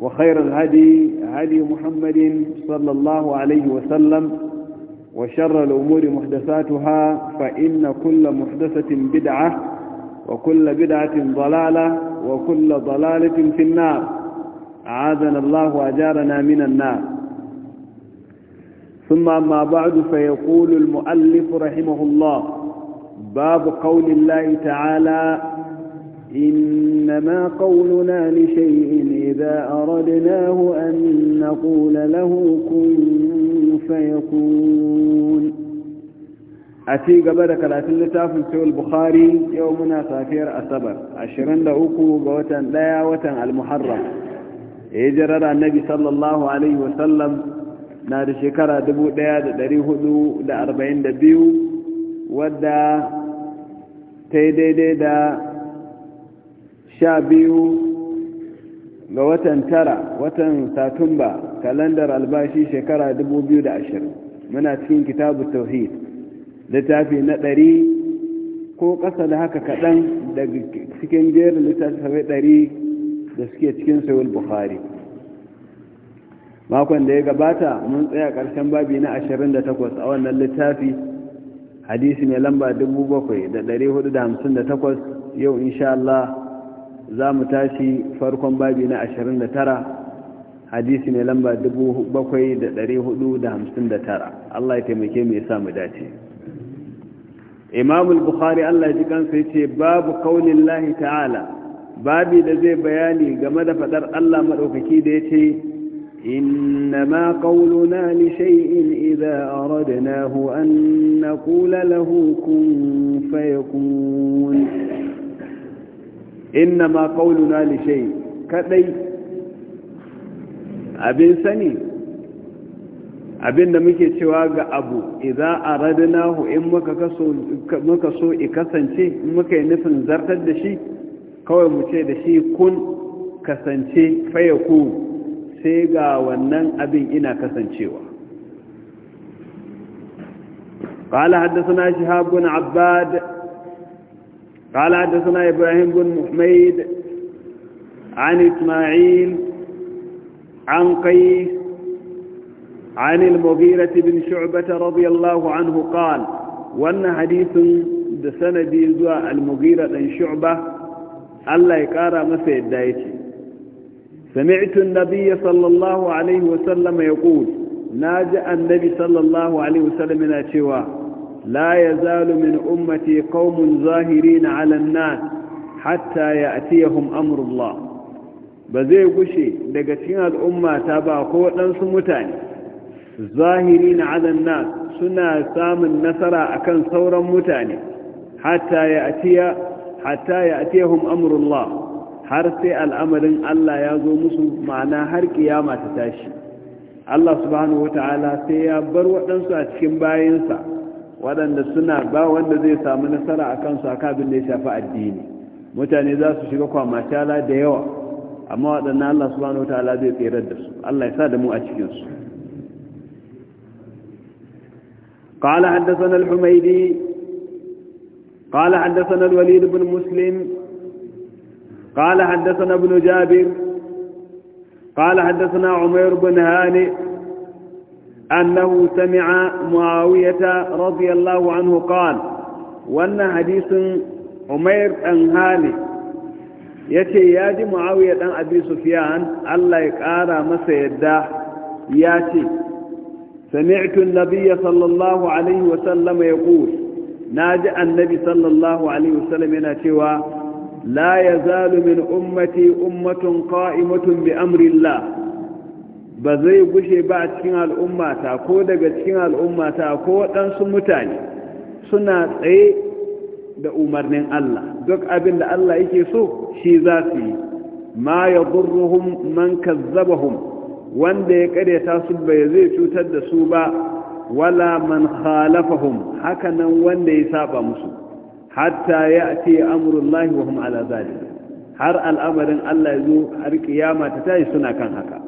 وخير الهدي هدي محمد صلى الله عليه وسلم وشر الأمور محدثاتها فإن كل محدثة بدعة وكل بدعة ضلالة وكل ضلالة في النار أعاذنا الله وأجارنا من النار ثم أما بعد فيقول المؤلف رحمه الله باب قول الله تعالى إنما قولنا لشيء إذا أردناه أن نقول له كن فيكون أتي قبل ثلاثين لتافن سوى البخاري يومنا سافير الصبر عشرين لأوكو بوتن لا وتا المحرم إجرى النبي صلى الله عليه وسلم نار شكرا دبو داد داري هدو دا دبيو ودا تيدي دا sha biyu ga watan tara watan satumba kalandar albashi shekara 2020 muna cikin kitabu tauhid littafi na ɗari ko ƙasa da haka kaɗan daga cikin jerin littafi ɗari da suke cikin sayul bukhari makon da ya gabata mun tsaya ƙarshen babi na 28 a wannan littafi hadisi mai lamba 7458 yau insha Allah za mu tashi farkon babi na 29 hadisi ne lamba 7459 Allah ya taimake mu ya sa mu dace Imam al-Bukhari Allah ya ji kansa yace babu qaulillahi ta'ala babi da zai bayani game da fadar Allah madaukaki da yace إنما قولنا لشيء إذا أردناه أن نقول له كن فيكون inna ma qauluna li shay kadai abin sani abin da muke cewa ga abu idza aradnahu in muka kaso muka so i kasance in muka yi nufin zartar da shi kawai mu ce da shi kun kasance ku sai ga wannan abin ina kasancewa قال حدثنا شهاب بن عباد قال حدثنا إبراهيم بن محميد عن إسماعيل عن قيس عن المغيرة بن شعبة رضي الله عنه قال وأن حديث دسند يزوى المغيرة بن شعبة الله يقارى مسيد دايتي سمعت النبي صلى الله عليه وسلم يقول ناجأ النبي صلى الله عليه وسلم ناتشواه لا يزال من أمتي قوم ظاهرين على الناس حتى يأتيهم أمر الله بزي قشي لقتين الأمة تابع قوة ننس متاني ظاهرين على الناس سنة سام النسرة أكن ثورا متاني حتى يأتي حتى يأتيهم أمر الله حرسي الأمر الله يزوم معنا هر قيامة تتاشي Allah subhanahu wa ta'ala sai ya bar waɗansu a cikin bayansa waɗanda suna ba wanda zai samu nasara a kansu a kabin da ya shafi addini mutane za su shiga kwamatala da yawa amma waɗanda allah bane wata zai tserar da su allah ya sa da mu a cikinsu قال حدثنا الحميدي قال حدثنا الوليد بن مسلم قال حدثنا ابن جابر قال حدثنا عمير بن هانئ أنه سمع معاوية رضي الله عنه قال وأن حديث عمير أنهالي يتي يادي معاوية أن أبي سفيان الله يقارى مسا يداه ياتي سمعت النبي صلى الله عليه وسلم يقول ناجع النبي صلى الله عليه وسلم يناتي لا يزال من أمتي أمة قائمة بأمر الله ba zai gushe ba a cikin al'ummata ko daga cikin al'ummata ko waɗansu mutane suna tsaye da umarnin Allah duk abin da Allah yake so shi za su yi ma ya burruhun man kazzabahum wanda ya karyata su bai zai cutar da su ba wala man khalafahum hakanan wanda ya saba musu hatta ya ce lahi wa hum ala har al'amarin Allah ya zo har kiyama ta tashi suna kan haka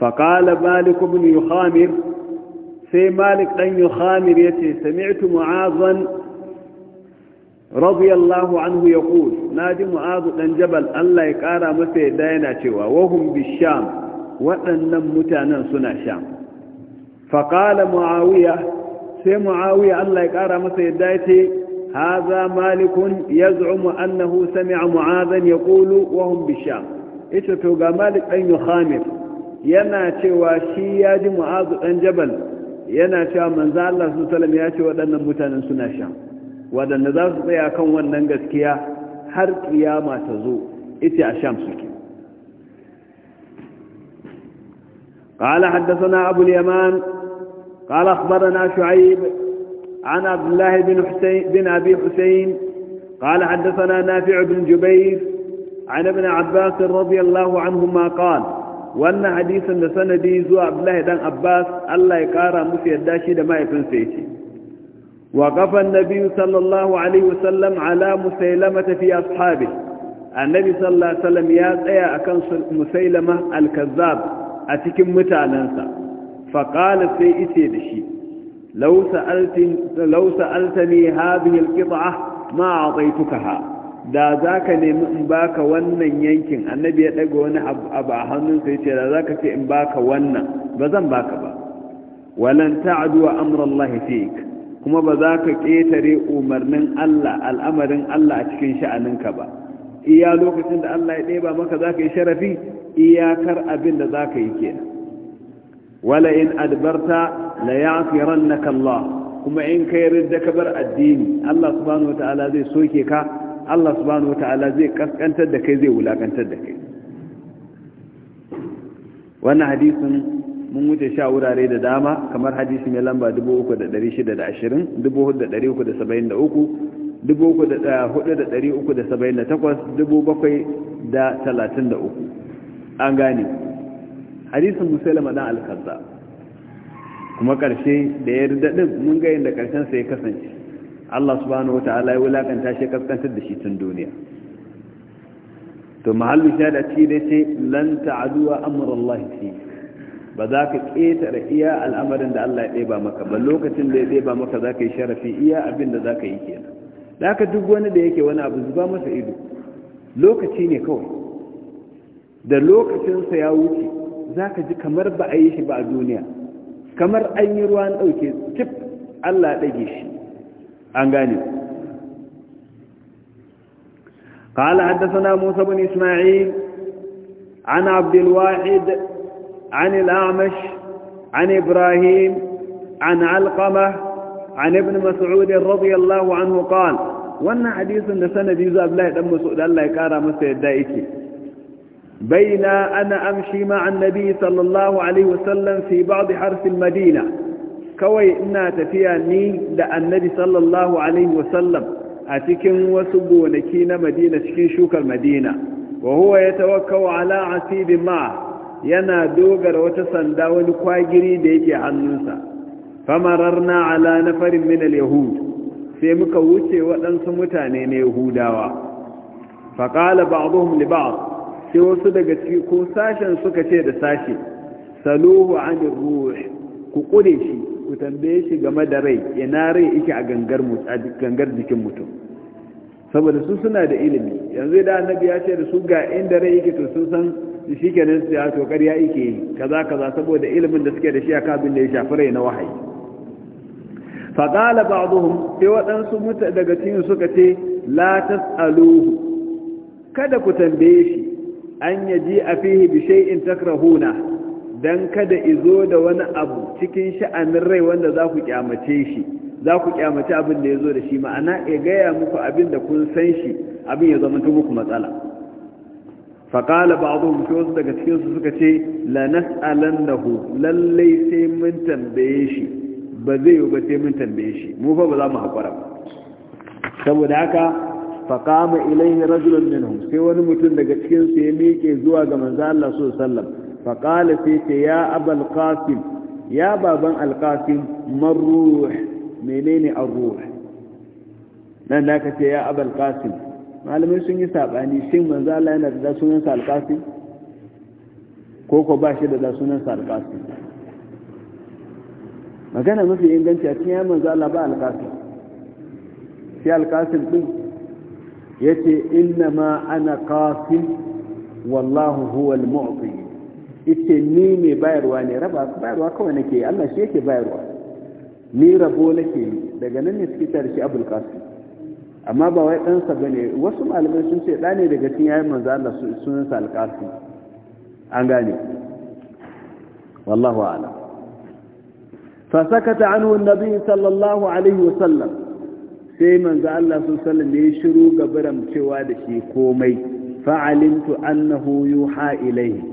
faƙala malik ibn yuhamir sai malik ɗan yuhamir ya ce sami'tu mu'azan radiyallahu anhu ya na ji mu'azu ɗan jabal allah ya ƙara masa yadda yana cewa wahum bisham waɗannan mutanen suna sham faƙala mu'awiya sai mu'awiya allah ya ƙara masa yadda ya ce هذا مالك يزعم أنه سمع معاذا يقول وهم بالشام إيش توقع مالك أن يخامر yana cewa shi ya ji mu'azu dan jabal yana cewa manzo Allah su sallam ya ce waɗannan mutanen suna sha waɗanda za su tsaya kan wannan gaskiya har kiyama ta zo ita a sham suke قال حدثنا أبو اليمان قال أخبرنا شعيب عن عبد الله بن, حسين بن أبي حسين قال حدثنا نافع بن جبير عن ابن عباس رضي الله عنهما قال wannan hadisin da sanadi zuwa abdullahi dan abbas allah ya kara musu yadda shi da mahaifinsa ya ce wa kafan nabi sallallahu alaihi wasallam ala musailama fi ashabi annabi sallallahu alaihi wasallam ya tsaya kan musailama al-kazzab a cikin mutanensa, fa sai ice da shi Lausa, sa'altani law sa'altani hadhihi al-qit'a ma a'taytukaha da za ka nemi in baka wannan yankin annabi ya ɗaga wani abu a hannunsa ya ce da za ka ce in baka wannan ba zan baka ba walan ta wa amrallahi fik kuma ba za ka ƙetare umarnin Allah al'amarin Allah a cikin sha'aninka ba iya lokacin da Allah ya ɗeba maka za ka yi sharafi iyakar abin da za ka yi kenan wala in adbarta la ya'firannaka Allah kuma in kai ridda ka bar addini Allah subhanahu wataala zai soke ka Allah subhanahu wata'ala zai kaskantar da kai zai wulakantar da kai wannan hadisin mun wuce sha wurare da dama kamar hadisi mai lamba 3620 4378 eh, an gane hadisin musulama dan alkazza kuma ƙarshe da ya rida mun ga da karshen sai ya kasance Allah subhanahu wata'ala ya wulakanta shi kaskantar da shi tun duniya to mahallu shahada ci dai sai lan ta'aduwa amr Allah fi ba za ka ƙetare iya al'amarin da Allah ya ɗeba maka ba lokacin da ya ɗeba maka za ka yi sharafi iya abin da za ka yi kenan da ka duk wani da yake wani abu zuba masa ido lokaci ne kawai da lokacinsa ya wuce za ka ji kamar ba a yi shi ba a duniya kamar an yi ruwan ɗauke cif Allah ɗage shi an gane قال حدثنا موسى بن إسماعيل عن عبد الواحد عن الأعمش عن إبراهيم عن علقمة عن ابن مسعود رضي الله عنه قال وانا حديث لسنة جيزة أبلاه دم مسعود الله يكارى مسعود دائكي بين أنا أمشي مع النبي صلى الله عليه وسلم في بعض حرف المدينة kawai ina tafiya ni da annabi sallallahu alaihi wasallam a cikin wasu gonaki na madina cikin shukar madina wa huwa ya tawakkau ala asibin ma yana dogara wata sanda wani kwagiri da yake hannunsa famararna ala nafarin min al-yahud sai muka wuce waɗansu mutane na yahudawa faƙala ba'dhum li ba'd sai wasu daga cikin ko sashen suka ce da sashi saluhu anir ruh ku kure shi ku tambaye shi game da rai ina rai yake a gangar jikin mutum saboda su suna da ilimi yanzu da annabi ya ce da su ga inda rai yake to sun san shi kenan su ya to ƙarya yake kaza kaza saboda ilimin da suke da shi a kabin da ya shafi rai na wahayi faƙala ba'duhum sai waɗansu muta daga cikin suka ce la tas'aluhu kada ku tambaye shi an yaji a fihi bi shay'in takrahuna don kada izo da wani abu cikin sha'anin rai wanda za ku kyamace shi za ku kyamace abin da ya zo da shi ma'ana ya gaya muku abin da kun san shi abin ya zama ta muku matsala faƙala ba abu mutu wasu daga cikinsu suka ce "La na hu lallai sai mun tambaye shi ba zai yi ba sai mun tambaye shi mu fa ba za mu haƙura ba saboda haka faƙama ilaihi rajulun minhum sai wani mutum daga cikin su ya miƙe zuwa ga manzo Allah sallallahu alaihi wasallam faƙala sai ce ya abal qasim ya baban alƙasim marruh menene arruh nan da aka ce ya abal qasim malamai sun yi saɓani shin manzo Allah yana da sunansa alƙasim ko ko ba shi da sunansa alƙasim magana mafi inganci a cikin ya manzo Allah ba alƙasim sai alƙasim din yace inna ma ana qasim wallahu huwal mu'ti ita ni mai bayarwa ne raba bayarwa kawai nake Allah shi yake bayarwa ni rabo nake daga nan ne suke tare shi abul qasim amma ba wai ɗansa ba ne wasu malamai sun ce ɗa ne daga cikin yayin manzo Allah sunansa alƙasi an gane wallahu a'lam fa sakata anhu annabi sallallahu alaihi wasallam sai manzo Allah sallallahu alaihi shiru gabaran cewa da shi komai fa alimtu annahu yuha ilayhi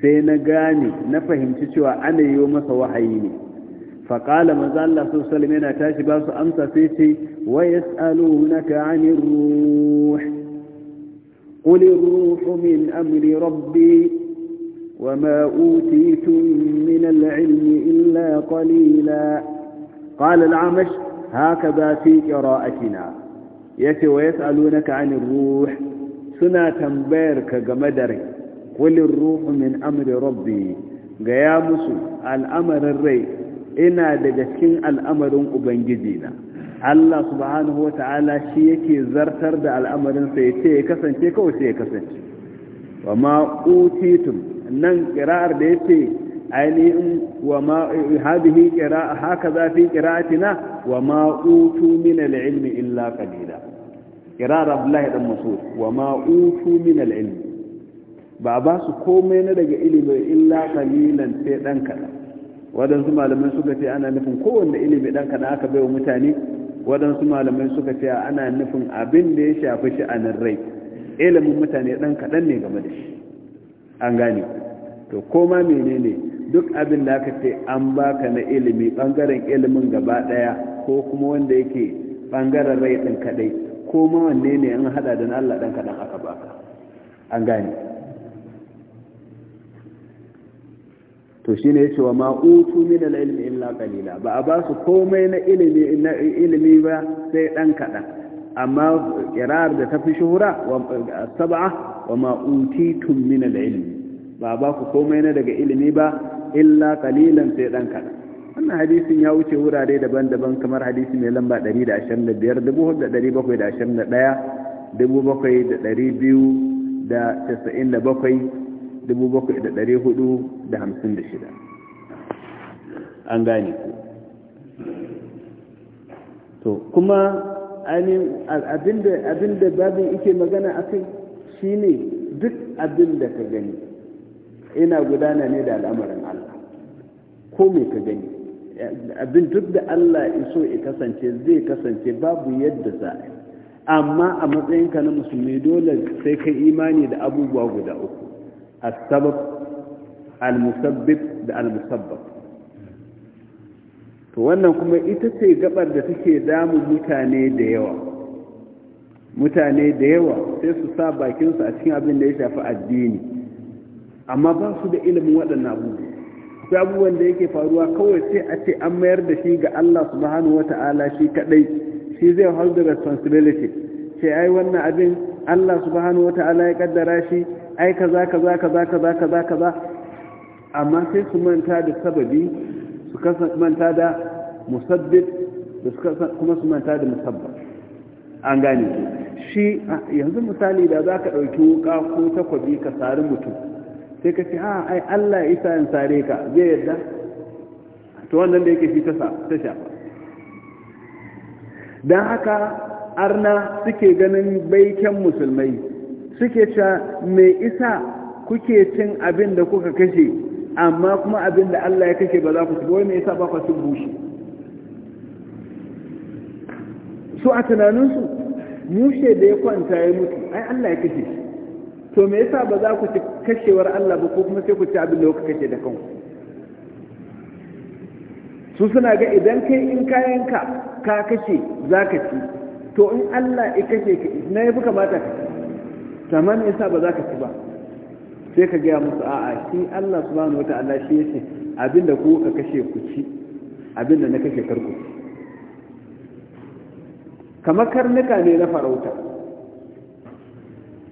sai na gane na fahimci cewa ana yi masa wahayi ne faƙala maza Allah su salim yana tashi ba su amsa sai ce wa ya tsalo na ka'anin ruh ƙulin ruhu min amri rabbi wa ma'utitun min al'ilmi illa qalila fi قال العمش هكذا في قراءتنا يتي suna tambayar ka game da rai kulin ruhu min amri rabbi gaya musu al'amarin rai ina daga cikin al'amarin ubangiji na Allah subhanahu wa ta'ala shi yake zartar da al'amarinsa ya ce ya kasance kawai sai ya kasance wa ma'utitum nan ƙira'ar da ya ce ainihin wa ma'adihi haka za zafi ƙira'atina wa ma'utu min al'ilmi illa ƙalila ƙira'ar abdullahi ɗan masu wa ma'utu min al'ilmi ba ba su komai na daga ilimi illa kalilan sai dan kaɗan Wadansu malamai suka ce ana nufin kowanne ilimi dan kada aka bai wa mutane Wadansu malamai suka ce ana nufin abin da ya shafi shi nan rai ilimin mutane dan kadan ne game da shi an gane to koma menene duk abin da aka ce an baka na ilimi bangaren ilimin gaba daya ko kuma wanda yake bangaren rai kadai? Ko koma wanne ne an haɗa da na Allah dan kadan aka baka an gane to shine yace wa ma utu min minal ilmi illa qalila ba a ba su komai na ilimi na ilimi ba sai dan kaɗan. amma kirar da fi shuhura wa sab'a wa ma utitum min ilmi ba ba ku komai na daga ilimi ba illa qalilan sai dan kaɗan. wannan hadisin ya wuce wurare daban-daban kamar hadisi mai lamba 125 shida. an gane ku to kuma abinda babin ike magana a kai shi ne duk abinda ka gani ina gudana ne da al'amarin Allah ko mai ka gani abin duk da Allah iso ya kasance zai kasance babu yadda za amma a matsayinka na musulmi dole sai ka imani da abubuwa guda uku السبب المسبب da المسبب to wannan kuma ita ce gabar da take damun mutane da yawa mutane da yawa sai su sa bakinsu a cikin abin da ya shafi addini amma ba su da ilimin waɗannan abubuwa sai abubuwan da yake faruwa kawai sai a ce an mayar da shi ga Allah subhanahu wata'ala shi kadai shi zai hold the responsibility sai ai wannan abin Allah subhanahu wata'ala ya kaddara shi ai kaza za ka za ka za amma sai su manta da sababi su kasa manta da musabbit da kuma su manta da musabba an gane shi yanzu misali da za ka ɗauki wuka ko takwabi ka sari mutum sai ka ce ha ai allah ya isa yin sare ka zai yadda to wannan da yake shi ta shafa don haka arna suke ganin baiken musulmai suke cewa me isa kuke cin abin da kuka kashe amma kuma abin da Allah ya kashe ba za ku ci wai me isa ba ku cin bushi su a tunaninsu mushe da ya kwanta ya mutu ai Allah ya kashe shi to me yasa ba za ku ci kashewar Allah ba ko kuma sai ku ci abin da kuka kashe da kanku su suna ga idan kai in kayanka ka kashe za ka ci to in Allah ya kashe ka na yi kamata ka ci tamam yasa ba za ka ci ba sai ka gaya musu a'a shi Allah subhanahu wata'ala shi yace abinda ku ka kashe ku ci abinda na kashe karku kamar karnuka ne na farauta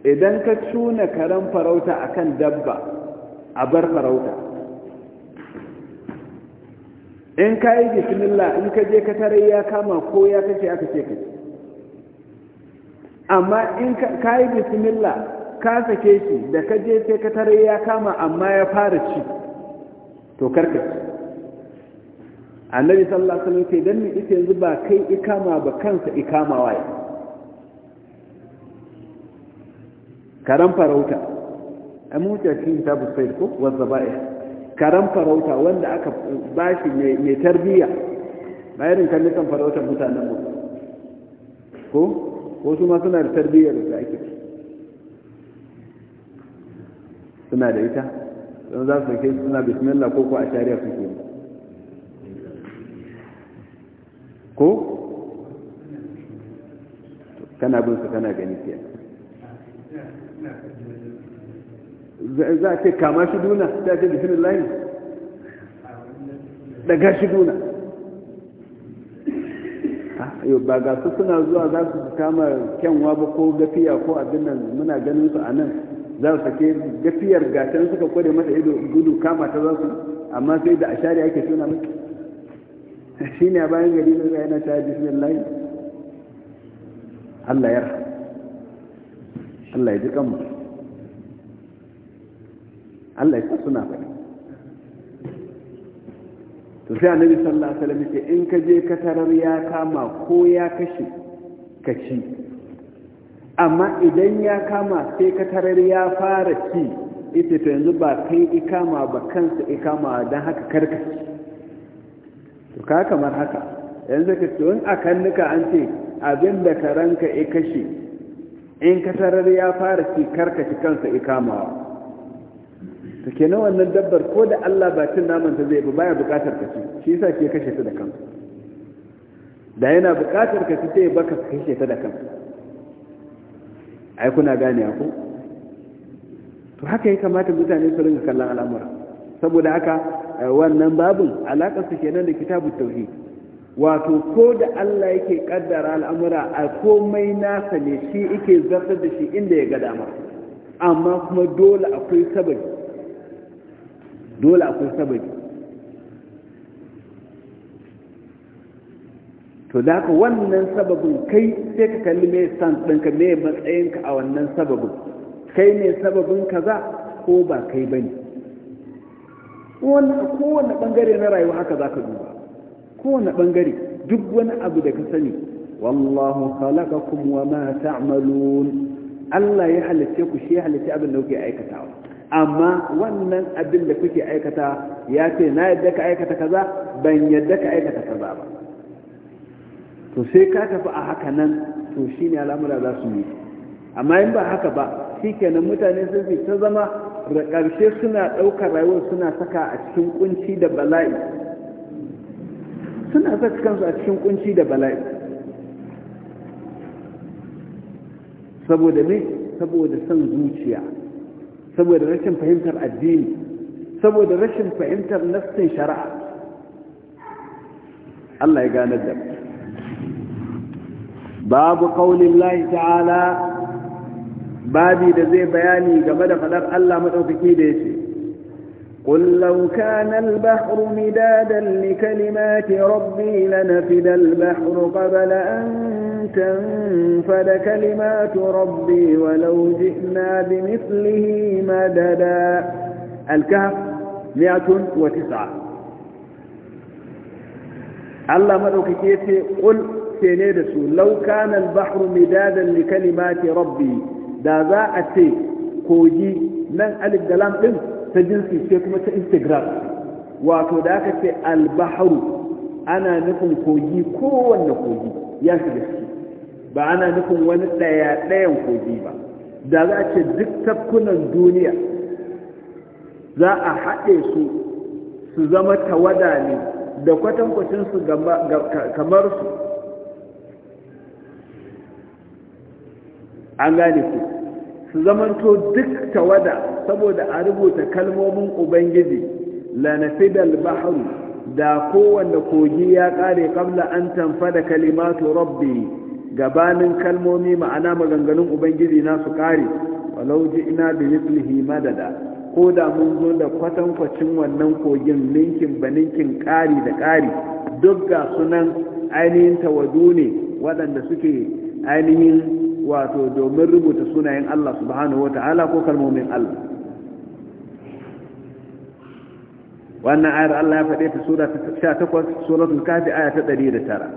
idan ka cuna karen farauta akan dabba a bar farauta in ka yi bismillah in ka je ka tare ya kama ko ya kashe aka ce ka ci amma in ka yi bismillah ka sake shi da ka je sai ka tare ya kama amma ya fara ci to karka ci annabi sallallahu alaihi wasallam sai dan ni ita yanzu ba kai ikama ba kansa ikama waye Karam farauta a mutu cikin tabu sai ko wanda ba Karam farauta wanda aka bashi mai tarbiyya bayan kan farautar mutanen mu ko su ma suna da tarbiyyar da ake suna da ita don za su ke suna bismillah ko ko a shari'a ke ko kana bin su kana gani ke za a ce kama shi duna ta ce bismillah daga shi duna ba ga su suna zuwa za su kama kyanwa ba ko gafiya ko abin nan muna ganin su a nan za su sake gafiyar gatan suka kware mata ido gudu kama ta za su amma sai da ashari ake tuna miki shi ne a bayan gari na yana ta bismillah Allah ya Allah ya ji kanmu Allah ya sa suna faɗi to sai annabi sallallahu alaihi wasallam yake in ka je ka tarar ya kama ko ya kashe ka ci amma idan ya kama sai ka tarar ya fara ci ita to yanzu ba kai ikama ba kansa ikama don haka karkaci to ka kamar haka yanzu ka ce in akan nuka an ce abin da ka ranka ya kashe in ka tarar ya fara ci ci kansa ikamawa ke na wannan dabbar ko da Allah ba cin naman ta zai ba baya bukatar ka ci shi yasa ke kashe ta da kan da yana bukatar ka ci sai baka kashe ta da kan ai kuna gane ku to haka ya kamata mutane su ringa kallon al'amura saboda haka eh, wannan babun alakar su kenan da kitabu tauhid wato ko da Allah yake kaddara al'amura a komai nasa ne shi yake zartar da shi inda ya ga dama amma kuma dole akwai sababi dole akwai sababi to da ka wannan sababin kai sai ka kalli mai sans ɗinka mai matsayinka a wannan sababin kai ne sababin kaza ko ba kai ba ne kowane ɓangare na rayuwa haka za ka duba kowane ɓangare duk wani abu da ka sani wallahu khalaqakum wa ma ta'malun Allah ya halitta ku shi ya abin da kuke aikatawa amma wannan abin da kuke aikata ya ce na yadda ka aikata kaza ban yadda ka aikata kaza ba to sai ka tafi a haka nan to shi ne al'amura za su yi amma in ba haka ba shi kenan mutane sun fi ta zama da ƙarshe suna ɗaukar rayuwar suna saka a cikin kunci da bala'i suna saka kansu a cikin kunci da bala'i saboda ne saboda son zuciya saboda rashin fahimtar addini saboda rashin fahimtar nassin shari'a Allah ya gane da babu qaulin lahi ta'ala babi da zai bayani game da fadar Allah madaukaki da ce. قل لو كان البحر مدادا لكلمات ربي لنفد البحر قبل أن تنفد كلمات ربي ولو جئنا بمثله مددا الكهف مئة وتسعة الله مدوك كيتي قل سينيرسو لو كان البحر مدادا لكلمات ربي دازا أتي كوجي من ألف دلام إنس ta jinsi sai kuma ta instagram wato da aka ce albaharu ana nufin kogi kowanne kogi ya shiga ba ana nufin wani ɗaya ɗayan kogi ba da za a ce duk tafkunan duniya za a haɗe su su zama tawada ne da kwatankwacinsu kamar su an gane ku su zamanto duk tawada saboda a rubuta kalmomin ubangiji lanafidal bahru da kowanne kogi ya kare kabla an da kalimatu rabbi gabanin kalmomi ma'ana maganganun ubangiji na su kare walau ina bi madada ko da mun zo da kwatankwacin wannan kogin ninkin baninkin kari da kari duk ga sunan ainihin tawadu ne waɗanda suke ainihin wato domin rubuta sunayen Allah subhanahu wa ta'ala ko kalmomin Allah وأن آية الله فدي في سورة شاتقوس سورة الكهف آية تدريد ترى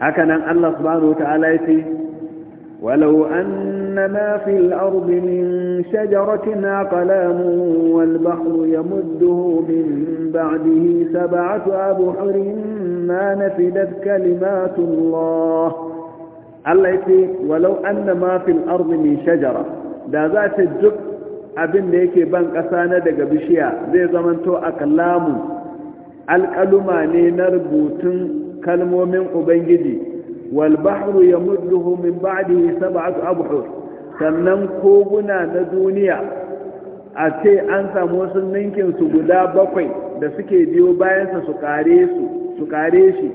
هكذا الله سبحانه وتعالى يتي ولو أن ما في الأرض من شجرة أقلام والبحر يمده من بعده سبعة أبحر ما نفدت كلمات الله الله يتي ولو أن ما في الأرض من شجرة ذا ذات الجبت abin da yake ban ƙasa na daga bishiya zai zamanto a kalamu alƙaluma ne na rubutun kalmomin ubangiji walbahru ya mudduhu min ba'di sab'atu abhur sannan koguna na duniya a ce an samu wasu ninkin su guda bakwai da suke biyo bayansa su kare su su kare shi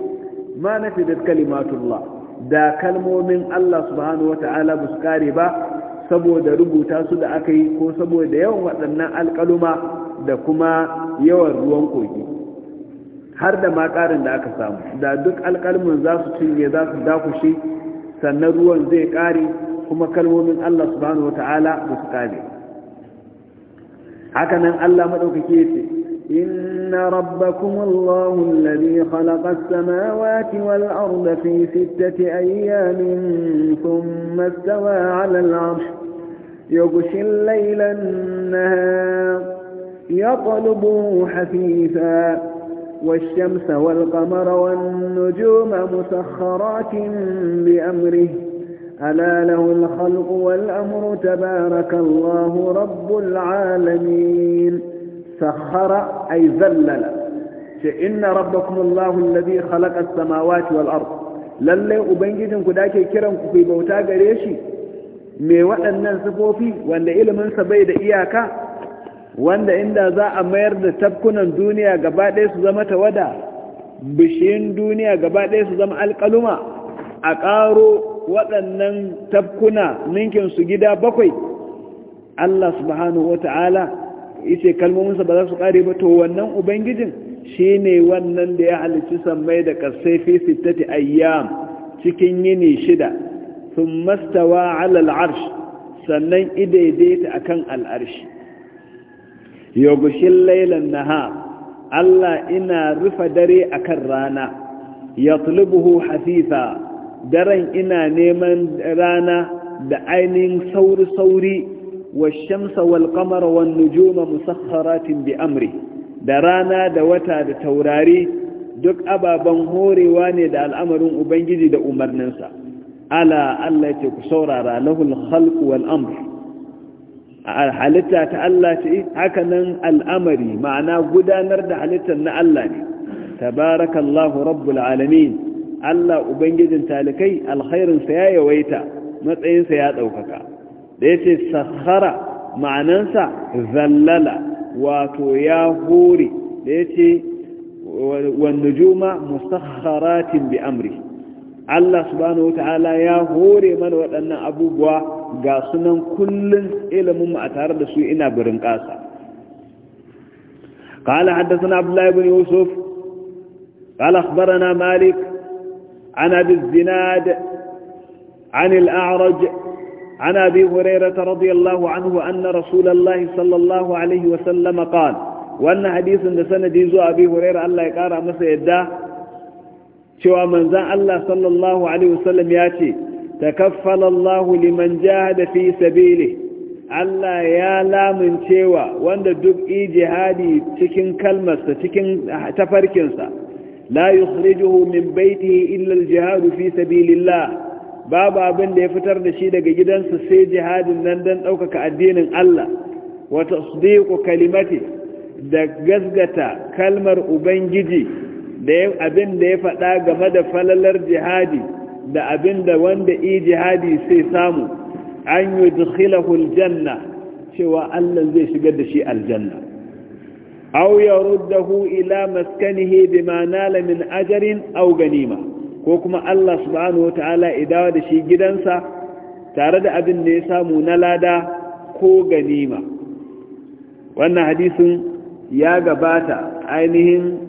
ma da kalimatullah da kalmomin Allah subhanahu wata'ala ba su kare ba saboda rubuta su da aka yi ko saboda yawan waɗannan alƙaluma da kuma yawan ruwan kogi har da ma ƙarin da aka samu da duk alƙalmin za su cinye za su dakushe sannan ruwan zai ƙare kuma kalmomin Allah subhanahu wa ta'ala ba su ƙare haka nan Allah maɗaukaki ya ce إن ربكم الله الذي خلق السماوات والأرض في ستة أيام ثم استوى على العرش يغشي الليل النهار يطلبه حثيثا والشمس والقمر والنجوم مسخرات بأمره ألا له الخلق والأمر تبارك الله رب العالمين سخر أي ذلل إن ربكم الله الذي خلق السماوات والأرض للي أبنجدن كداكي كرم في بوتاق ريشي mai waɗannan sifofi wanda iliminsa bai da iyaka wanda inda za a mayar da tafkunan duniya gaba ɗaya su zama tawada bishiyun duniya gaba ɗaya su zama alƙaluma a ƙaro waɗannan tafkuna ninkin su gida bakwai Allah subhanahu ta'ala yace kalmominsa ba za su ƙare ba to wannan ubangijin shine wannan da ya halicci sammai da ƙasai fi sittati ayyam cikin yini shida sun mastawa alal arsh sannan idaidaita akan al'arshi yogushin lailan naha Allah ina rufa dare akan rana ya tulubuhu hasifa daren ina neman rana da ainihin sauri-sauri wa shamsa wal nujuma musakharatin bi amri da rana da wata da taurari duk ababen horewa ne da al'amarin ubangiji da umarninsa ala Allah ce ku saurara lahul khalq wal amr halitta ta Allah ce haka nan al'amari ma'ana gudanar da halittar na Allah ne tabarakallahu rabbul alamin Allah ubangijin talikai sa ya yawaita matsayinsa ya ɗaukaka da yace sakhara ma'anansa zallala wato ya hore da yace ce wannujuma musakharatin bi amri Allah subhanahu ya hore mana waɗannan abubuwa ga sunan kullum ilimin a tare da su ina birin ƙasa. Ƙala haddasan Abdullahi bin Yusuf, ƙala barana Malik, ana bi zinad, anil a'raj, ana bi hurairata radiyallahu anhu anna Rasulallah sallallahu Alaihi wasallama ƙal. Wannan hadisin da sanadi zuwa bi hurairar Allah ya ƙara masa yadda cewa manzan Allah sallallahu alaihi wasallam ya ce takaffala Allah liman jahada fi sabili Allah ya lamuncewa wanda duk ijihadi cikin kalmarsa cikin tafarkinsa la yukhrijuhu min baitihi illa al fi sabilillah babu abin da ya fitar da shi daga gidansa sai jihadin nan dan ɗaukaka addinin Allah wata tasdiqu kalimati da gasgata kalmar ubangiji da abin da ya faɗa game da falalar jihadi da abin da wanda yi jihadi sai samu an yi dukhilahul janna cewa Allah zai shigar da shi aljanna aw ruddahu ila maskanihi bima nala min ajrin aw ganima ko kuma Allah subhanahu wataala idawa da shi gidansa tare da abin da ya samu na lada ko ganima wannan hadisin ya gabata ainihin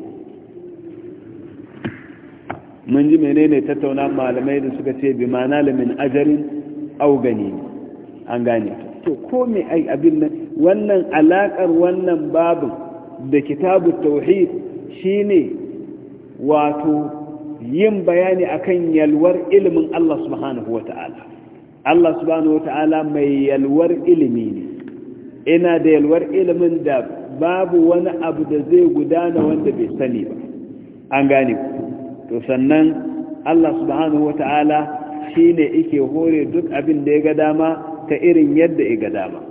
mun ji menene tattauna malamai da suka ce bi ma'ana min ajarin au gani an gane to ko me ai abin nan wannan alakar wannan babin da kitabu tauhid shine wato yin bayani akan yalwar ilimin Allah subhanahu wata'ala Allah subhanahu wata'ala mai yalwar ilimi ne ina da yalwar ilimin da babu wani abu da zai gudana wanda bai sani ba an gane to sannan Allah subhanahu wata'ala ne ike hore duk abin da ya ga dama ta irin yadda ya ga dama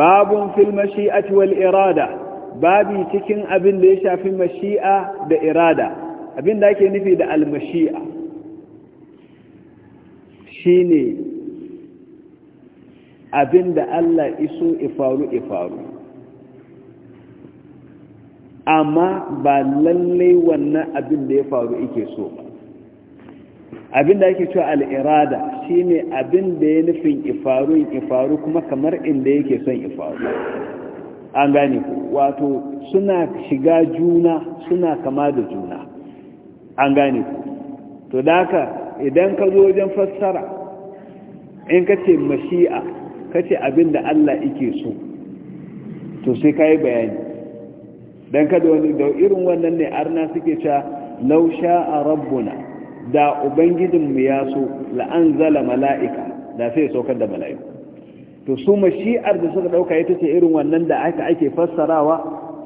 babun fil a wal irada babi cikin abin da ya shafi mashi'a da irada abin da ake nufi da al mashi'a ne abin da Allah iso ifaru ifaru amma ba lallai wannan abin da ya faru yake so ba abin da ake cewa al'irada shine abin da ya nufin ifaru ifaru kuma kamar inda yake son ifaru an gane wato suna shiga juna suna kama da juna an gane to da idan ka zo wajen fassara in ka ce mashi'a ka ce abin da Allah yake so to sai ka yi bayani dan kada wani da irin wannan ne arna suke cewa law sha'a rabbuna da ubangijin mu ya so la anzala mala'ika da sai saukar da mala'iku to su mashi'ar da suka dauka ita ce irin wannan da aka ake fassarawa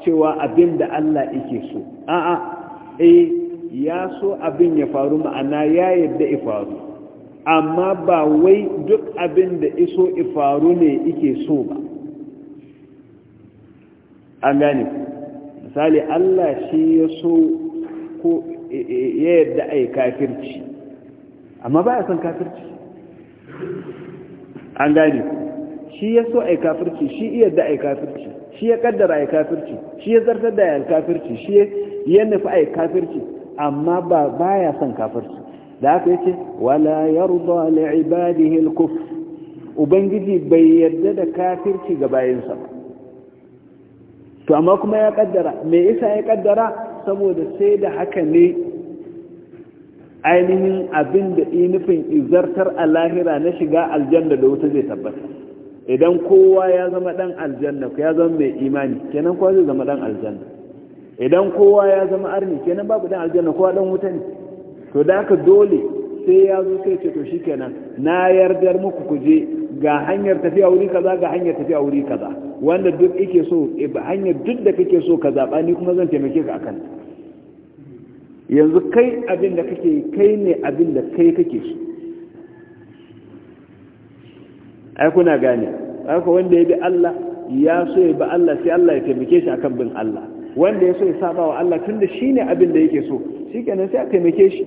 cewa abin da Allah yake so a'a eh ya so abin ya faru ma'ana ya yadda ya faru amma ba wai duk abin da iso ifaru ne ike so ba an gane ku misali Allah shi ya so ko ya yadda a kafirci amma ba ya son kafirci an gani shi ya so a kafirci shi ya yadda a kafirci shi ya kaddara a kafirci shi ya zartar da a kafirci shi ya nufi a kafirci amma ba ya son kafirci da haka yace wala yarda li ibadihi al-kufr ubangiji bai yarda da kafirci ga bayinsa ba to amma kuma ya kaddara me isa ya kaddara saboda sai da haka ne ainihin abin da nufin izartar a lahira na shiga aljanna da wuta zai tabbata idan kowa ya zama dan aljanna ya zama mai imani kenan kowa zai zama dan aljanna idan kowa ya zama arni kenan babu dan aljanna kowa dan wuta ne to da haka dole sai ya zo sai ce to shikenan na yardar muku kuje. ga hanyar tafi a wuri kaza ga hanyar tafi a wuri kaza wanda duk yake so eh, ba hanyar duk da kake so ka zaɓa ni kuma zan taimake ka akan yanzu kai abin da kake kai ne abin da kai kake so ai kuna gane ai ko wanda ya bi Allah ya so ya bi Allah sai Allah ya taimake shi akan bin Allah wanda ya so ya saba wa Allah tunda shine abin da yake so shikenan sai a taimake shi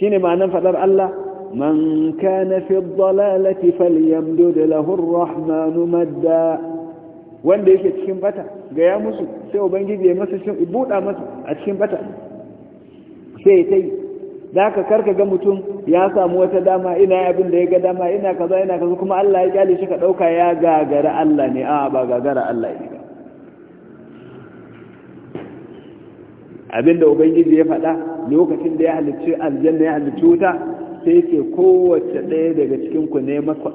shine ma'anar fadar Allah من كان في الضلالة فليمدد له الرحمن مدا wanda yake cikin bata gaya musu sai ubangiji ya masa shin buɗa masa a cikin bata sai ta yi da ka karka ga mutum ya samu wata dama ina abin da ya ga dama ina kaza ina kaza kuma Allah ya kyale shi ka ɗauka ya gagara Allah ne a ba gagara Allah ne ba abin da ubangiji ya faɗa lokacin da ya halicci aljanna ya halicci wuta sai ke kowace ɗaya daga cikinku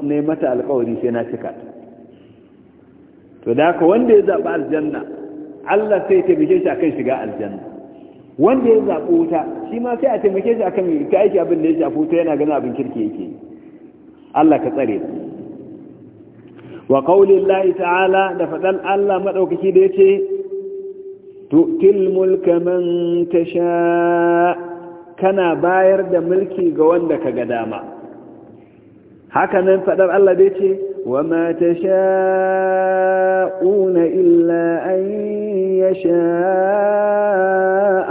ne mata alkawari sai na cika to da haka wanda ya zaɓi aljanna Allah sai taimake shi akan shiga aljanna wanda ya zaɓi wuta shi ma sai a taimake shi akan ta aiki abin da ya shafi wuta yana ganin abin kirki yake Allah ka tsare wa la'i ta'ala da faɗan Allah maɗaukaki da ya ce, tu'til mulka man tasha' kana bayar da mulki ga wanda ka ga dama haka nan fadar Allah dai ce wa ma tasha'una illa an yasha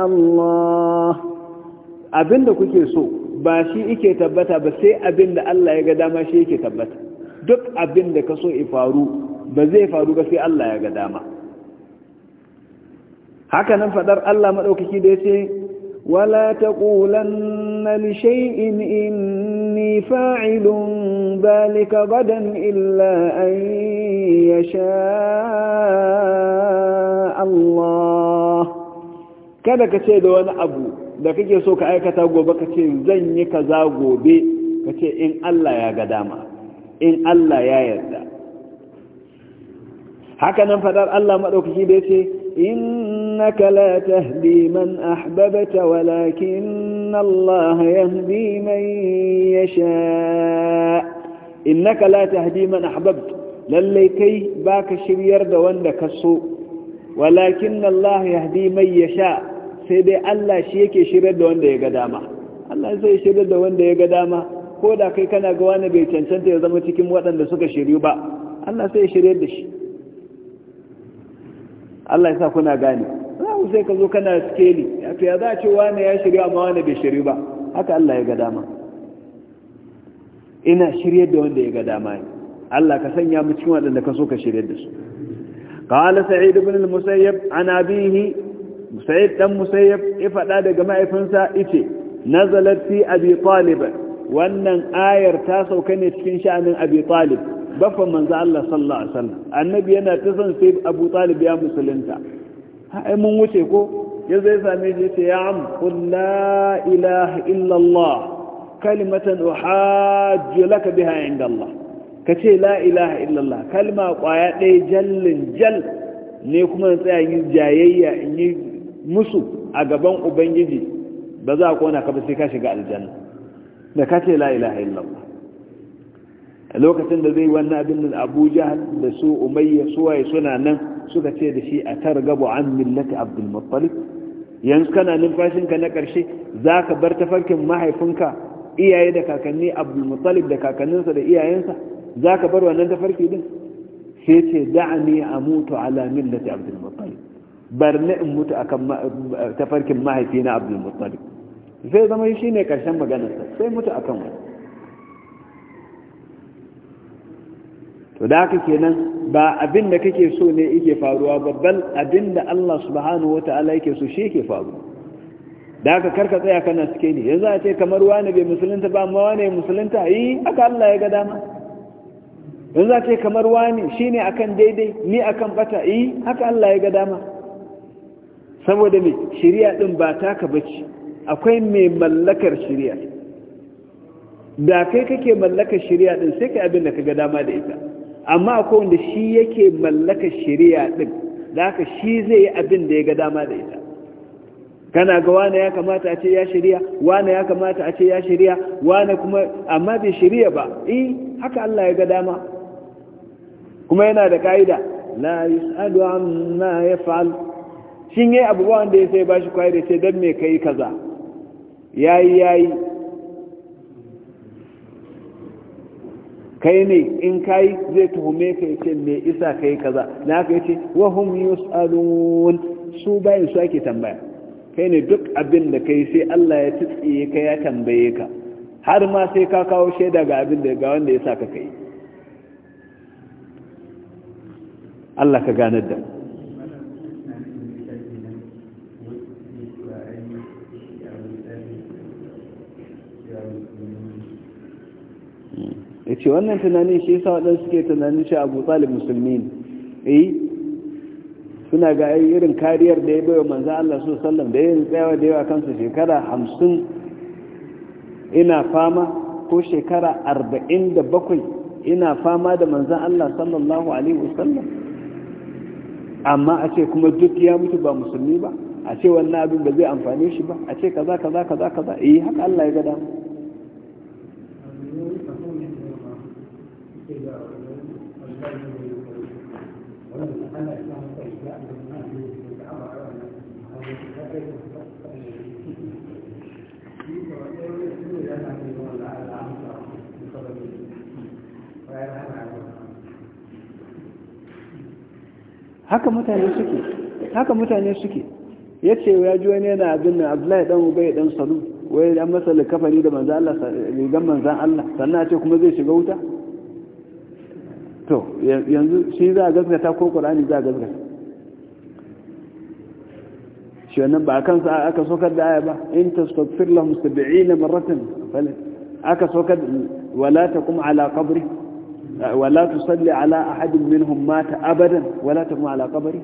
Allah abinda kuke so ba shi yake tabbata ba sai abinda Allah ya ga dama shi yake tabbata duk abinda ka so ifaru faru ba zai faru ba sai Allah ya ga dama haka nan fadar Allah madaukaki da yace ولا تقولن لشيء إني فاعل ذلك غدا إلا أن يشاء الله kada ka ce da wani abu da kake so ka aikata gobe ka ce zan yi kaza gobe ka ce in Allah ya ga dama in Allah ya yarda haka nan fadar Allah maɗaukaki da ya ce إنك لا تهدي من أحببت ولكن الله يهدي من يشاء إنك لا تهدي من أحببت للي كي باك شرير دوان كسو ولكن الله يهدي من يشاء سيدي الله شيك شرير دوان دي قداما الله زي شرير دوان دي قداما ko da kai kana ga wani bai cancanta ya zama cikin waɗanda suka shiryu ba Allah sai ya shirye da shi Allah ya sa kuna gane za sai ka zo kana skeli ya to ya za a ce wane ya shirya amma wane bai shirya ba haka Allah ya ga dama ina shirya da wanda ya ga dama ne Allah ka sanya mu cikin waɗanda ka so ka shirya da su qala sa'id ibn al-musayyib an abihi sa'id dan musayyib ya faɗa daga mahaifinsa yace nazalat fi abi talib wannan ayar ta sauka ne cikin sha'anin abi talib bafan manzo Allah sallallahu alaihi wasallam annabi yana ta son sai Abu Talib ya musulunta ai mun wuce ko ya same shi sai ya am qul la ilaha illa Allah kalimatan uhajju laka biha inda Allah kace la ilaha illa Allah kalma kwaya ɗaya jallin jal ne kuma tsaya yin jayayya in yi musu a gaban ubangiji ba za ka kona ka ba sai ka shiga aljanna da kace la ilaha illa Allah lokacin da zai wannan abin da abuja da su umayya suwaye suna nan suka ce da shi a targabu an millati abdulmuttalib yanzu kana numfashinka na ƙarshe za ka bar tafarkin mahaifinka iyaye da kakanni abdulmuttalib da kakanninsa da iyayensa za ka bar wannan tafarki din sai ce da'ani a mutu ala millati abdulmuttalib bar na in mutu a kan tafarkin mahaifina abdulmuttalib sai zama shi ne ƙarshen maganarsa sai mutu akan wani to da haka kenan ba abin da kake so ne yake faruwa babban abin da Allah subhanahu wata'ala yake so shi yake faru. da haka karka tsaya kana suke ne yanzu a ce kamar wani bai musulunta ba amma wani musulunta yi aka Allah ya ga dama yanzu a ce kamar wani shine akan daidai ni akan bata yi haka Allah ya ga dama saboda me shari'a din ba taka bace akwai mai mallakar shari'a da kai kake mallakar shari'a din sai kai abin da ka ga dama da ita amma akwai wanda shi yake mallaka shari'a din da haka shi zai yi abin da ya ga dama da ita kana ga wane ya kamata a ce ya shari'a wane ya kamata a ce ya shari'a wane kuma amma bai shari'a ba eh haka Allah ya ga dama kuma yana da ka'ida la yus'alu amma yaf'al shin yayi abubuwan da ya sai bashi da sai dan me kai kaza yayi yayi kai ne in kai zai tuhume ka yace me isa kai kaza na ka yace wa hum yusalun su bayan su ake tambaya kai ne duk abin da kai sai Allah ya tsiye ka ya tambaye ka har ma sai ka kawo shaida ga abin da ga wanda ya saka kai Allah ka ganar da ce wannan tunanin shi yasa wadan suke tunanin shi abu talib musulmi ne eh suna ga irin kariyar da ya bayar manzo Allah su sallam da yin tsayawa da yawa kansa shekara hamsin ina fama ko shekara arba'in da bakwai ina fama da manzo Allah sallallahu alaihi wasallam amma a ce kuma duk ya mutu ba musulmi ba a ce wannan abin ba zai amfane shi ba a ce kaza kaza kaza kaza eh haka Allah ya gada. mu haka mutane suke haka mutane suke ya ce ya ji wani yana abin nan abdullahi dan ubai dan salu wai an masa likafani da manzan Allah rigan manzan Allah sannan a ce kuma zai shiga wuta to yanzu shi za a gaskata ko qur'ani za a gaskata shi wannan ba kan sa aka sokar da aya ba in tastaghfir lahum 70 maratan aka sokar wala taqum ala qabri ولا تصلي على أحد منهم مات أبدا ولا تقوم على قبره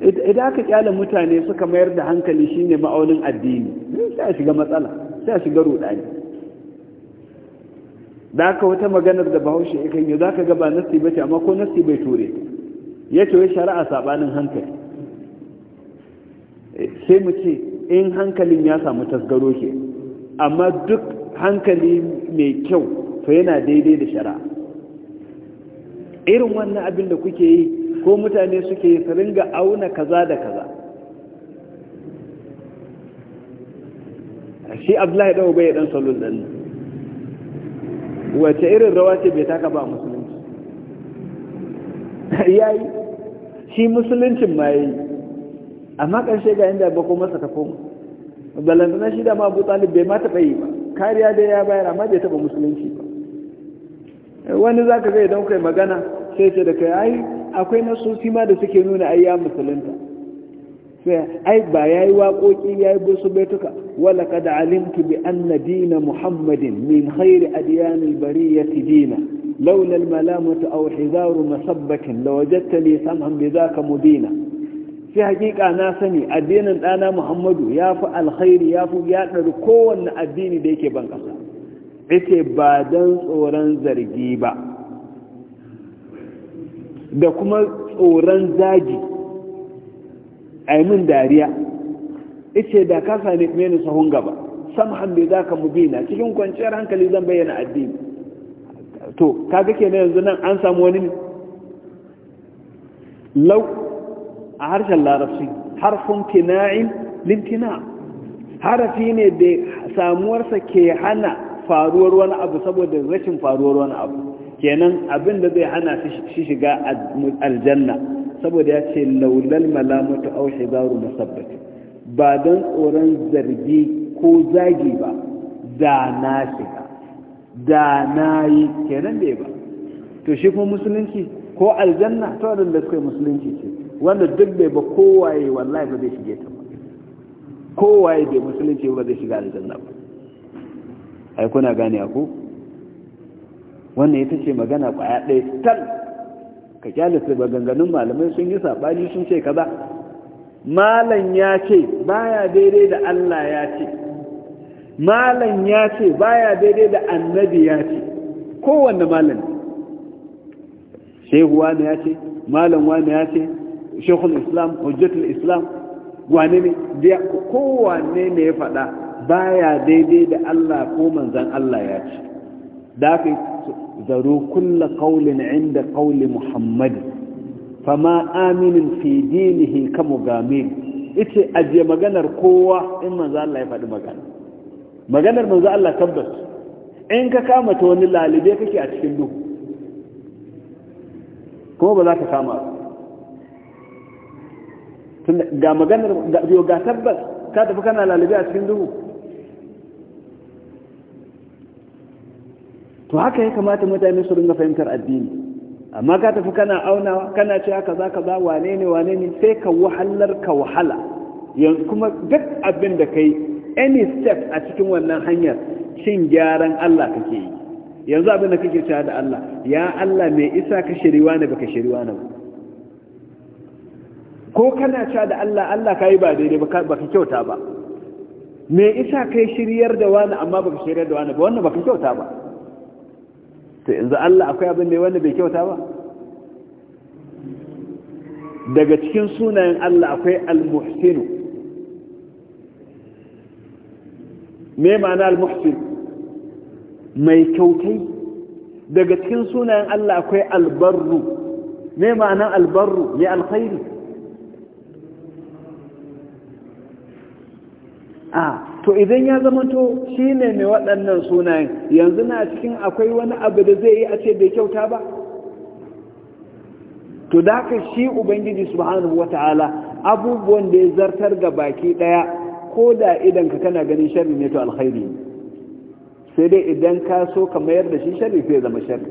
idan aka kyala mutane suka mayar da hankali shine ma'aunin addini sai a shiga matsala sai a shiga rudani da aka wata maganar da bahaushe ya kan yi za ka gaba nasi ba ce amma ko nasi bai ture ya ce wai shari'a sabanin hankali sai mu ce in hankalin ya samu tasgaro ke amma duk hankali mai kyau to yana daidai da shara irin wannan abin da kuke yi ko mutane suke yi su ringa auna kaza da kaza shi abdullahi dawo bai dan salon dan wace irin rawa ce bai taka ba musulunci yayi shi musuluncin ma yayi amma kan ga inda ba ko masa kafo balantana shi da ma abu talib bai ma taɓa yi ba kariya dai ya bayar amma bai taba musulunci ba wani za ka zai don kai magana sai ce da kai ai akwai nasosi ma da suke nuna ai ya musulunta sai ai ba ya yi waƙoƙi ya yi busu baituka wala da alimtu bi anna dina muhammadin min khairi adiyanil bariyati dina laula al malamatu aw hizaru masabbatin lawajadtani samhan bi dhaka mudina shi hakika na sani addinin ɗana muhammadu ya fi alkhairi ya fi ya ɗari kowanne addini da yake ban ƙasa ita ba don tsoron zargi ba da kuma tsoron zagi mun dariya ita da ka sami meni sahun gaba samhan bai za ka mubina cikin kwanciyar hankali zan bayyana addini to kaga kenan yanzu nan an samu wani lau a harshen larabci harfin tina'in limtina harafi ne da samuwarsa ke hana faruwar wani abu saboda rashin faruwar wani abu kenan abin da zai hana shi shiga aljanna saboda ya ce laulal malamatu au shigaru musabbati ba don tsoron zargi ko zagi ba da na shiga da na yi kenan bai ba to shi kuma musulunci ko aljanna ta waɗanda suka yi musulunci ce wanda duk bai ba kowaye wallahi ba zai shige ta ba kowaye bai musulunci ba zai shiga aljanna ba ai kuna gane ku wannan ita ce magana kwaya ɗaya tal ka kyalisa ganganun malamai sun yi saɓani sun ce kaza malam ya ce baya daidai da Allah ya ce malam ya ce baya daidai da annabi ya ce kowanne malam shehu wani ya ce malam wani ya ce shekul islam hujjatul islam wane ne kowane ne ya faɗa baya daidai da Allah ko manzan Allah ya ce da fi zaro kulla kaulin inda kauli muhammad fama aminin fi dinihi kamu mugamin ita ajiye maganar kowa in manzan Allah ya faɗi magana maganar manzan Allah tabbas in ka kama ta wani lalibe kake a cikin duhu kuma ba za ka kama ba ga maganar ga tabbas ka tafi kana lalibi a cikin duhu to haka ya kamata mutane su ringa fahimtar addini amma ka tafi kana auna kana ce haka za ka za wane ne wane ne sai ka wahalar ka wahala yanzu kuma duk abin da ka yi any step a cikin wannan hanyar cin gyaran Allah kake yi yanzu abin da kake cewa da Allah ya Allah mai isa ka shiriwa ne baka shiriwa ne ba ko kana cewa da Allah Allah kai ba daidai ba ka kyauta ba me isa kai shiryar da wani amma baka shiryar da wani ba wannan baka kyauta ba to yanzu Allah akwai abin da wannan bai kyauta ba daga cikin sunayen Allah akwai al muhsin me ma'ana al-muhsin mai kyautai daga cikin sunayen Allah akwai al-barru me ma'ana al-barru ne alkhairi a to idan ya zamanto shi ne mai waɗannan sunayen yanzu na cikin akwai wani abu da zai yi a ce bai kyauta ba to da haka shi ubangiji subhanahu ta'ala abubuwan da ya zartar ga baki ɗaya ko da idan ka kana ganin sharri ne to alkhairi sai dai idan ka so ka mayar da shi sharri sai zama sharri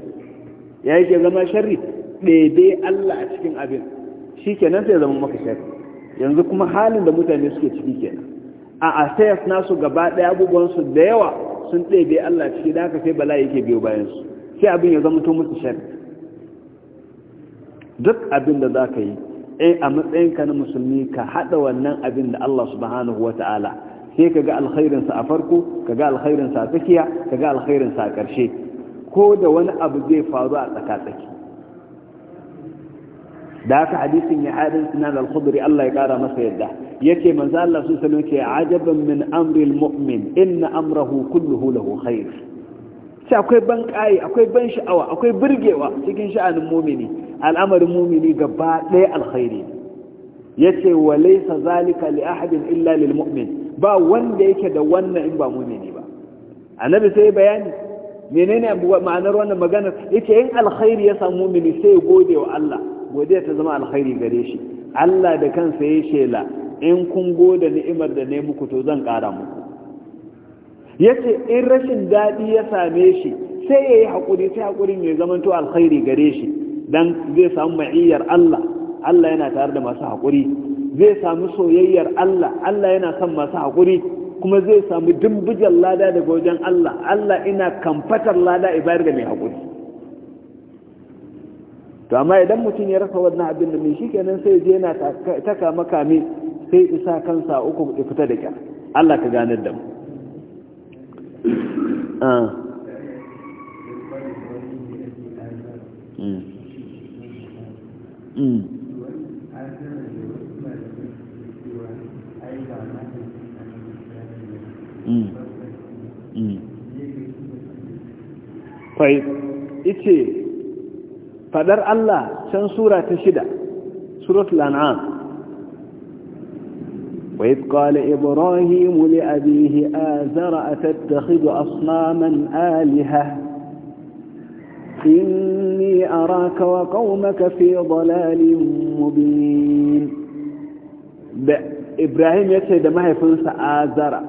ya yake zama sharri daidai Allah a cikin abin shi kenan sai zama maka sharri yanzu kuma halin da mutane suke ciki kenan a affairs nasu gaba ɗaya abubuwansu da yawa sun ɗebe Allah ciki da haka sai bala yake biyo bayansu sai abin ya zama to musu shari duk abin da za ka yi eh, a matsayinka na musulmi ka haɗa wannan abin da Allah subhanahu wa ta'ala sai ka ga alkhairinsa a farko ka ga alkhairinsa a tsakiya ka ga alkhairinsa a ƙarshe ko da wani abu zai faru a tsaka-tsaki da haka hadisin ya hadin sinan al-khudri Allah ya kara masa yadda yake manzo Allah su sallallahu ke ajaban min amri al-mu'min inna amrahu kulluhu lahu khair sai akwai ban kai akwai ban sha'awa akwai burgewa cikin sha'anin mumini al'amarin mumini gaba ɗaya alkhairi yace wa laysa zalika li ahadin illa lil mu'min ba wanda yake da wannan in ba mumini ba annabi sai bayani menene ma'anar wannan maganar yace in alkhairi ya samu mumini sai ya gode wa Allah godiya ta zama alkhairi gare shi Allah da kansa ya shela in kun goda ni'imar da ne muku to zan kara muku yace in rashin daɗi ya same shi sai yayi hakuri sai hakurin ya zama to alkhairi gare shi dan zai samu ma'iyar Allah Allah yana tare da masu hakuri zai samu soyayyar Allah Allah yana son masu hakuri kuma zai samu dimbijan lada daga wajen Allah Allah ina kamfatar lada ibar da mai hakuri to amma idan mutum ya rasa wannan abin da mai shi kenan sai je yana ta kama kame sai isa kansa uku ya fita da kyar Allah ka ganar da mu ah. hmm. Hmm. Hmm. ice فدر الله شن سورة ta سورة الأنعام وإذ قال إبراهيم لأبيه آزر أتتخذ أصناما آلهة إني أراك وقومك في ضلال مبين إبراهيم يتشهد ما هي فنسى آزر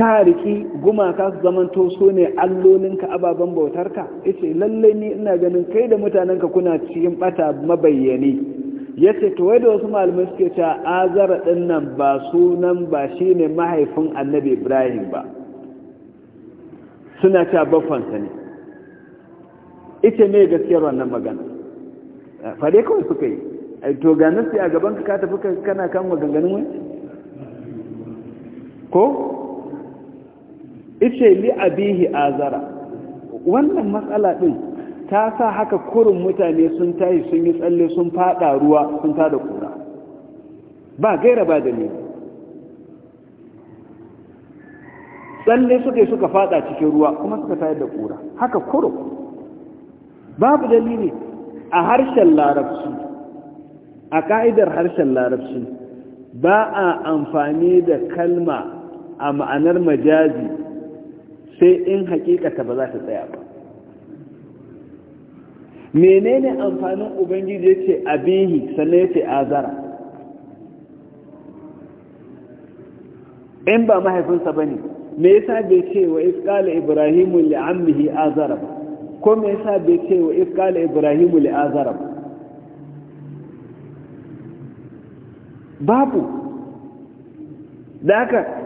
ka riki gumaka su zamanto su ne allolinka ababen bautarka yace lallai ni ina ganin kai da mutanenka kuna cikin bata mabayyane yace to wai da wasu malamai suke cewa azara din nan ba sunan ba shine mahaifin annabi ibrahim ba suna cewa baffansa ne ita ne gaskiyar wannan magana fare kawai suka yi to ga nasi a gaban ka tafi kana kan maganganun wani ko ice li abihi azara wannan matsala din ta sa haka kurin mutane sun tayi sun yi tsalle sun fada ruwa sun tada kura ba gaira ba da ne tsalle suka suka fada cikin ruwa kuma suka tayar da kura haka kurin babu dalili a harshen larabci a ka'idar harshen larabci ba a amfani da kalma a ma'anar majazi sai in hakikata ba za ta tsaya ba menene amfanin ubangiji ya ce abihi sannan ya ce azara in ba mahaifinsa ba ne me yasa bai ce wa iskala ibrahimu li'ammihi azara ba ko me yasa bai ce wa iskala ibrahimu li'azara ba babu da haka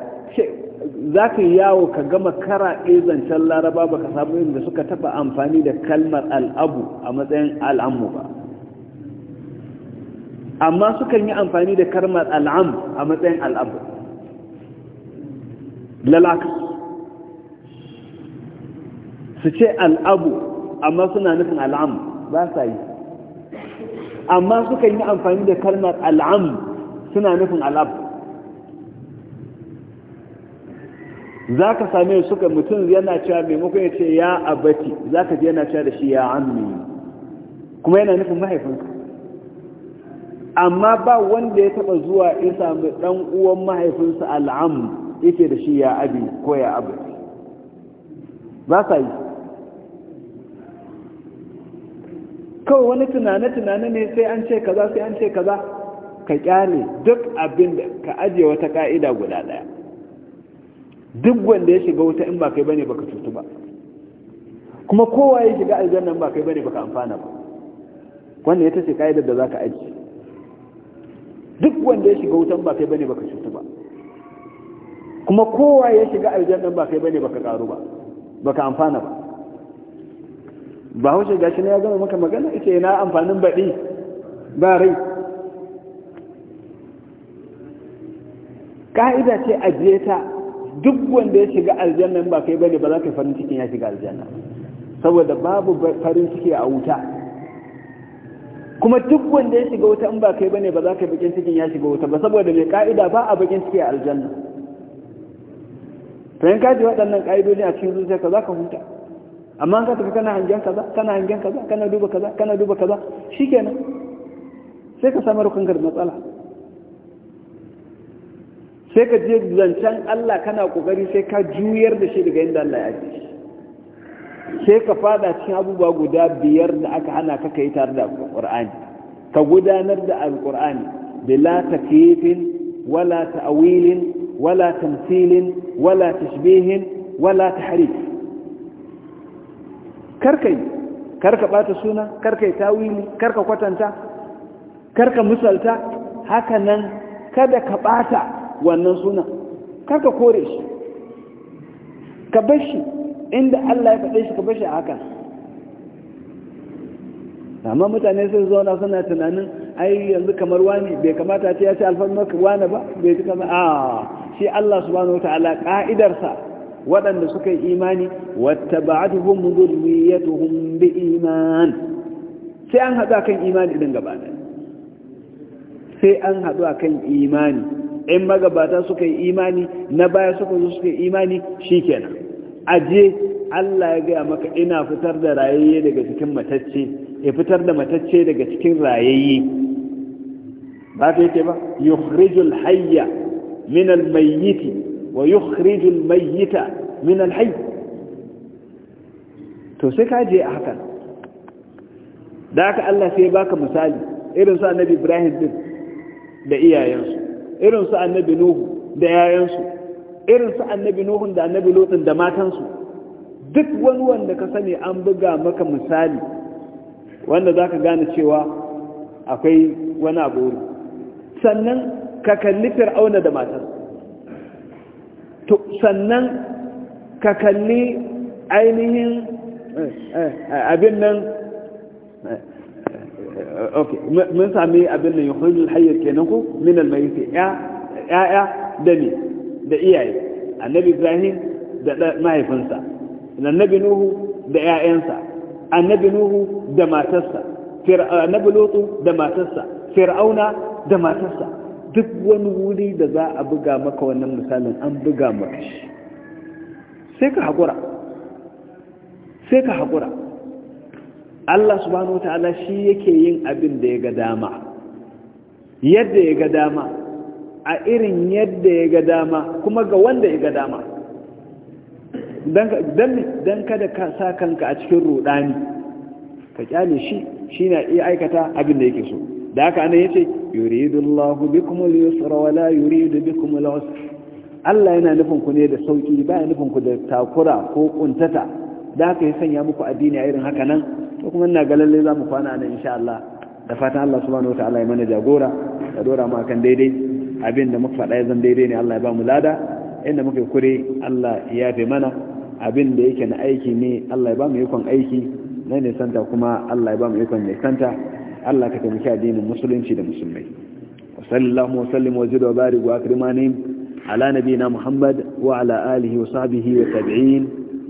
za ka yi yawo ka gama kara can laraba ba ka samu inda suka taɓa amfani da kalmar al'abu a matsayin al'ammu ba amma sukan yi amfani da kalmar al'am a matsayin al'abu lalaka su ce al'abu amma suna nufin al'am ba sa yi amma sukan yi amfani da kalmar al'am suna nufin al'abu za ka same suka mutum yana cewa maimakon ya ce ya abati za ka ji yana cewa da shi ya ammi kuma yana nufin mahaifinsa amma ba wanda ya taba zuwa in sami dan uwan mahaifinsa al'am yake da shi ya abi ko ya abati ba sa yi kawai wani tunane-tunane ne sai an ce kaza sai an ce kaza ka kyale duk abin da ka ajiye wata ka'ida guda daya duk wanda ya shiga wuta in ba kai bane baka cutu ba kuma kowa ya shiga aljanna ba kai bane baka amfana ba wannan ita ce kaidar da zaka aji duk wanda ya shiga wutan ba kai bane baka cutu ba kuma kowa ya shiga aljanna ba kai bane baka karu ba baka amfana ba ba hausa gashi ne ya gama maka magana ita yana amfanin baɗi ba rai ka'ida ce ajiye ta duk wanda ya shiga aljanna ba kai bane ba za ka farin cikin ya shiga aljanna saboda babu farin ciki a wuta kuma duk wanda ya shiga wuta in ba kai bane ba za ka bakin cikin ya shiga wuta ba saboda mai ka'ida ba a bakin ciki a aljanna to in ka ji waɗannan ka'idodi a cikin zuciya ka za ka huta amma ka tafi kana hangen kaza kana hangen kaza kana duba kaza kana duba kaza shikenan sai ka samu rukun da matsala sai ka je zancen Allah kana kokari sai ka juyar da shi daga inda Allah ya ce sai ka fada cikin abubuwa guda biyar da aka hana ka kai tare da Alƙur'ani. ka gudanar da Alƙur'ani la takyifin wala ta'wilin wala tamthilin wala tashbihin wala tahrif karkai karka bata suna karkai tawili karka kwatanta karka misalta haka nan kada ka bata wannan suna kaka kore shi ka bar shi inda Allah ya faɗe shi ka bar shi a haka amma mutane sun zauna suna tunanin ai yanzu kamar wani bai kamata ce ya ce alfarmar wani ba bai ji kamar a shi Allah subhanahu wataala ka'idarsa waɗanda suka yi imani wata ya dhurriyyatuhum bi iman sai an haɗu akan imani din gaba sai an haɗu akan imani in magabata suka yi imani na baya suka zo suka yi imani shikenan aje Allah ya gaya maka ina fitar da rayayye daga cikin matacce ya fitar da matacce daga cikin rayayye ba ta yake ba yukhrijul hayya min al almayyiti wa yukhrijul mayyita min al hayy to sai ka je a haka da haka Allah sai baka misali irin su annabi Ibrahim din da iyayensu irin su annabi nuhu da yayansu irin su annabi nuhun da annabi lotsin da matansu duk wani wanda ka sani an buga maka misali wanda za ka gane cewa akwai wani abu sannan ka kalli fir'auna da matarsa sannan ka kalli ainihin eh, eh, abin nan eh, Eh, okay mun sami abin nan yukhrijul hayy kenan ko min al mayyit ya ya da ni da iyaye annabi ibrahim da mahaifinsa annabi nuhu da ƴaƴansa annabi nuhu da matarsa annabi lutu da matarsa fir'auna da matarsa duk wani wuri da za a buga maka wannan misalin an buga maka shi sai ka hakura sai ka haƙura Allah subhanahu wata'ala shi yake yin abin da ya ga dama yadda ya ga dama a irin yadda ya ga dama kuma ga wanda ya ga dama don kada ka sa kanka a cikin rudani ka kyale shi shi na iya aikata abin da yake so da haka ana yace yuridu Allahu bikum al-yusra wa la yuridu bikum al-usra Allah yana nufin ku ne da sauki ba ya nufin ku da takura ko kuntata da haka ya sanya muku addini a irin haka nan to kuma ina ga lalle za mu kwana nan insha Allah da fatan Allah subhanahu wataala ya mana jagora ya dora mu akan daidai abin da muka faɗa ya zan daidai ne Allah ya ba mu lada inda muka kure Allah ya yafe mana abin da yake na aiki ne Allah ya ba mu ikon aiki na nisanta kuma Allah ya ba mu ikon nisanta Allah ka taimaki addinin musulunci da musulmai wa sallallahu wa sallim wa zid wa barik wa akrimani ala nabiyina muhammad wa ala alihi wa sahbihi wa tabi'in